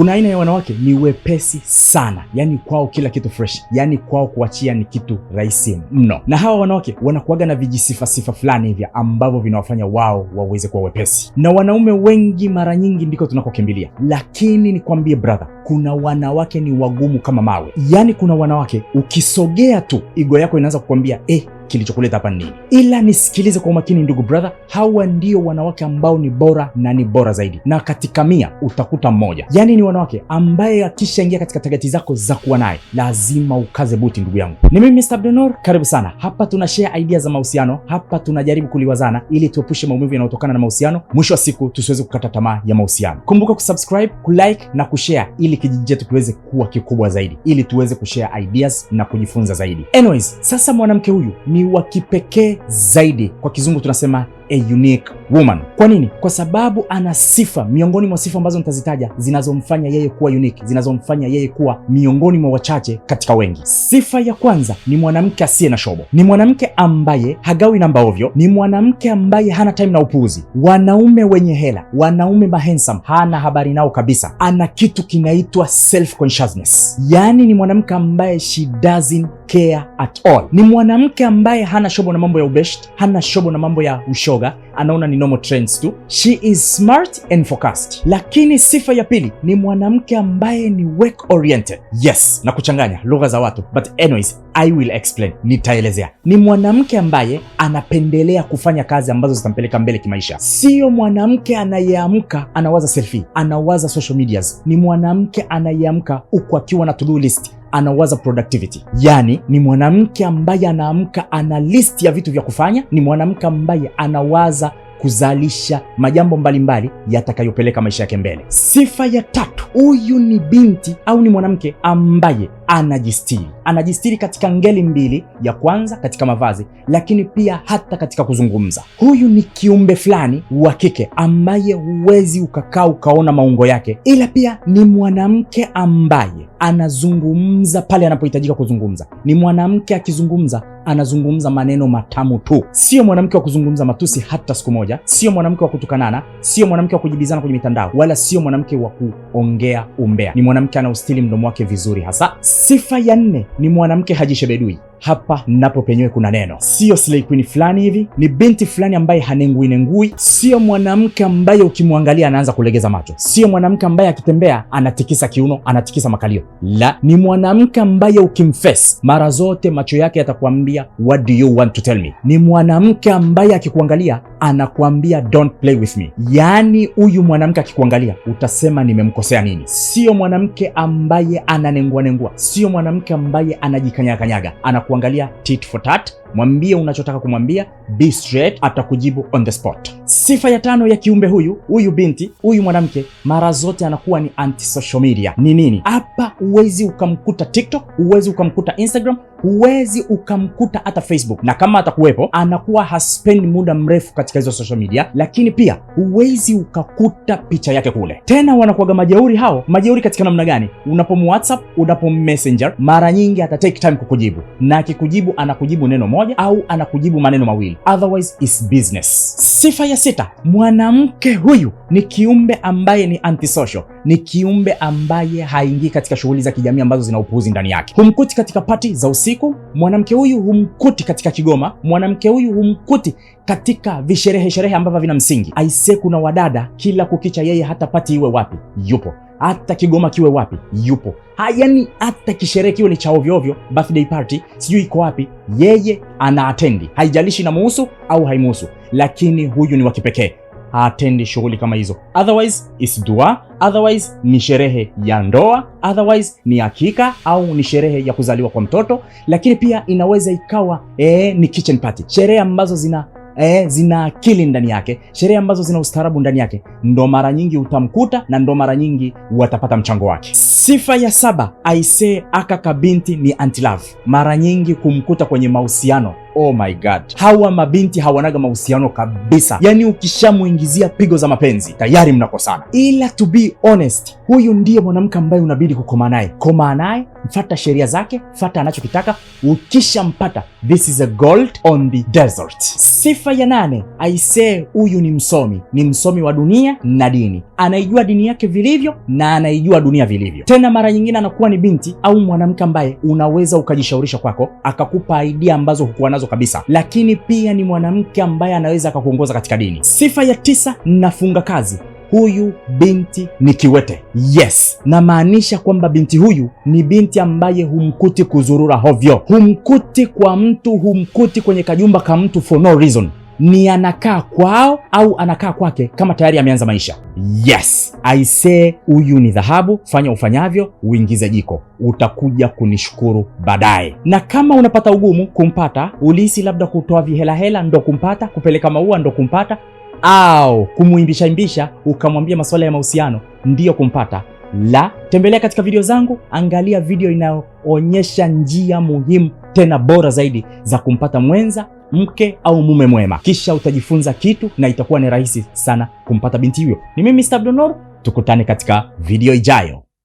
Kuna aina ya wanawake ni wepesi sana, yaani kwao kila kitu fresh, yaani kwao kuachia ni kitu rahisi mno, na hawa wanawake wanakuaga na vijisifasifa fulani hivi ambavyo vinawafanya wao waweze kuwa wepesi, na wanaume wengi mara nyingi ndiko tunakokimbilia. Lakini nikwambie brother, kuna wanawake ni wagumu kama mawe, yani kuna wanawake ukisogea tu igo yako inaanza kukwambia eh, kilichokuleta hapa nini, ila nisikilize kwa umakini ndugu brother. Hawa ndio wanawake ambao ni bora na ni bora zaidi, na katika mia utakuta mmoja, yaani ni wanawake ambaye akishaingia katika tageti zako za kuwa naye lazima ukaze buti, ndugu yangu. Ni mimi Mr. Abdunnoor, karibu sana hapa. Tuna share idea za mahusiano hapa, tunajaribu kuliwazana ili tuepushe maumivu yanayotokana na mahusiano, mwisho wa siku tusiweze kukata tamaa ya mahusiano. Kumbuka kusubscribe, kulike na kushare ili kijiji chetu kiweze kuwa kikubwa zaidi, ili tuweze kushare ideas na kujifunza zaidi. Anyways, sasa mwanamke huyu ni ni wa kipekee zaidi, kwa kizungu tunasema a unique woman. Kwa nini? Kwa sababu ana sifa miongoni mwa sifa ambazo nitazitaja zinazomfanya yeye kuwa unique, zinazomfanya yeye kuwa miongoni mwa wachache katika wengi. Sifa ya kwanza ni mwanamke asiye na shobo, ni mwanamke ambaye hagawi namba ovyo, ni mwanamke ambaye hana time na upuuzi. Wanaume wenye hela, wanaume mahensam, hana habari nao kabisa. Ana kitu kinaitwa self consciousness, yaani ni mwanamke ambaye she doesn't care at all. Ni mwanamke ambaye hana shobo na mambo ya ubeshti, hana shobo na mambo ya ushoga, anaona ni normal trends tu. She is smart and focused. Lakini sifa ya pili ni mwanamke ambaye ni work oriented. Yes, na kuchanganya lugha za watu, but anyways I will explain, nitaelezea. Ni mwanamke ambaye anapendelea kufanya kazi ambazo zitampeleka mbele kimaisha, siyo mwanamke anayeamka anawaza selfie, anawaza social medias. Ni mwanamke anayeamka huku akiwa na to do list anawaza productivity, yani ni mwanamke ambaye anaamka ana list ya vitu vya kufanya, ni mwanamke ambaye anawaza kuzalisha majambo mbalimbali yatakayopeleka maisha yake mbele. Sifa ya tatu, huyu ni binti au ni mwanamke ambaye anajistiri, anajistiri katika ngeli mbili, ya kwanza katika mavazi, lakini pia hata katika kuzungumza. Huyu ni kiumbe fulani wa kike ambaye huwezi ukakaa ukaona maungo yake, ila pia ni mwanamke ambaye anazungumza pale anapohitajika kuzungumza. Ni mwanamke akizungumza anazungumza maneno matamu tu, sio mwanamke wa kuzungumza matusi hata siku moja, sio mwanamke wa kutukanana, sio mwanamke wa kujibizana kwenye mitandao, wala sio mwanamke wa kuongea umbea. Ni mwanamke anaustili mdomo wake vizuri hasa Sifa ya nne ni mwanamke hajishebedui. Hapa napo penyewe kuna neno, siyo slay queen fulani hivi, ni binti fulani ambaye hanenguinengui, siyo mwanamke ambaye ukimwangalia anaanza kulegeza macho, siyo mwanamke ambaye akitembea anatikisa kiuno, anatikisa makalio, la, ni mwanamke ambaye ukimfes mara zote macho yake yatakuambia what do you want to tell me. Ni mwanamke ambaye akikuangalia anakuambia don't play with me. Yaani huyu mwanamke akikuangalia utasema nimemkosea nini? Sio mwanamke ambaye ananengua nengua, sio mwanamke ambaye anajikanyakanyaga, anakuangalia tit for tat. Mwambie unachotaka kumwambia, be straight, atakujibu on the spot. Sifa ya tano ya kiumbe huyu huyu binti huyu mwanamke, mara zote anakuwa ni anti social media. Ni nini hapa? Huwezi ukamkuta TikTok, huwezi ukamkuta Instagram, huwezi ukamkuta hata Facebook, na kama atakuwepo anakuwa haspendi muda mrefu katika hizo social media, lakini pia huwezi ukakuta picha yake kule. Tena wanakuwaga majeuri hao. Majeuri katika namna gani? Unapom WhatsApp, unapom Messenger, mara nyingi ata take time kukujibu, na akikujibu anakujibu neno moja au anakujibu maneno mawili, otherwise is business. Sifa ya sita, mwanamke huyu ni kiumbe ambaye ni antisocial, ni kiumbe ambaye haingii katika shughuli za kijamii ambazo zina upuuzi ndani yake. Humkuti katika pati za usiku, mwanamke huyu humkuti katika kigoma, mwanamke huyu humkuti katika visherehe sherehe ambavyo vina msingi. Aisee, kuna wadada kila kukicha, yeye hata pati iwe wapi yupo hata Kigoma kiwe wapi yupo. Ha, hata kisherehe kiwe ni cha ovyo ovyo, birthday party sijui iko wapi, yeye ana atendi, haijalishi muhusu au haimuhusu, lakini huyu ni wa kipekee haatendi shughuli kama hizo, otherwise is dua, otherwise ni sherehe ya ndoa, otherwise ni hakika au ni sherehe ya kuzaliwa kwa mtoto, lakini pia inaweza ikawa ee, ni kitchen party, sherehe ambazo zina eh, zina akili ndani yake, sheria ambazo zina ustaarabu ndani yake, ndo mara nyingi utamkuta na ndo mara nyingi watapata mchango wake. Sifa ya saba, aisee aka kabinti ni anti love, mara nyingi kumkuta kwenye mahusiano Oh my God, hawa mabinti hawanaga mahusiano kabisa. Yaani ukishamuingizia pigo za mapenzi tayari mnakosana. Ila to be honest, huyu ndiye mwanamke ambaye unabidi kukoma naye. Koma naye, mfata sheria zake, mfata anachokitaka. Ukishampata, this is a gold on the desert. Sifa ya nane, aisee, huyu ni msomi, ni msomi wa dunia na dini, anaijua dini yake vilivyo na anaijua dunia vilivyo. Tena mara nyingine anakuwa ni binti au mwanamke ambaye unaweza ukajishaurisha kwako, akakupa idea ambazo hukuwa nazo nazo kabisa, lakini pia ni mwanamke ambaye anaweza akakuongoza katika dini. Sifa ya tisa, nafunga kazi Huyu binti ni kiwete. Yes, namaanisha kwamba binti huyu ni binti ambaye humkuti kuzurura hovyo, humkuti kwa mtu, humkuti kwenye kajumba ka mtu for no reason ni anakaa kwao au anakaa kwake kama tayari ameanza maisha. Yes, I say huyu ni dhahabu, fanya ufanyavyo, uingize jiko, utakuja kunishukuru baadaye. Na kama unapata ugumu kumpata, ulihisi labda kutoa vihelahela ndo kumpata, kupeleka maua ndo kumpata, au kumuimbisha imbisha ukamwambia masuala ya mahusiano ndiyo kumpata la tembelea katika video zangu, angalia video inayoonyesha njia muhimu tena bora zaidi za kumpata mwenza mke au mume mwema, kisha utajifunza kitu na itakuwa ni rahisi sana kumpata binti huyo. Ni mimi Mr. Abdunnoor, tukutane katika video ijayo.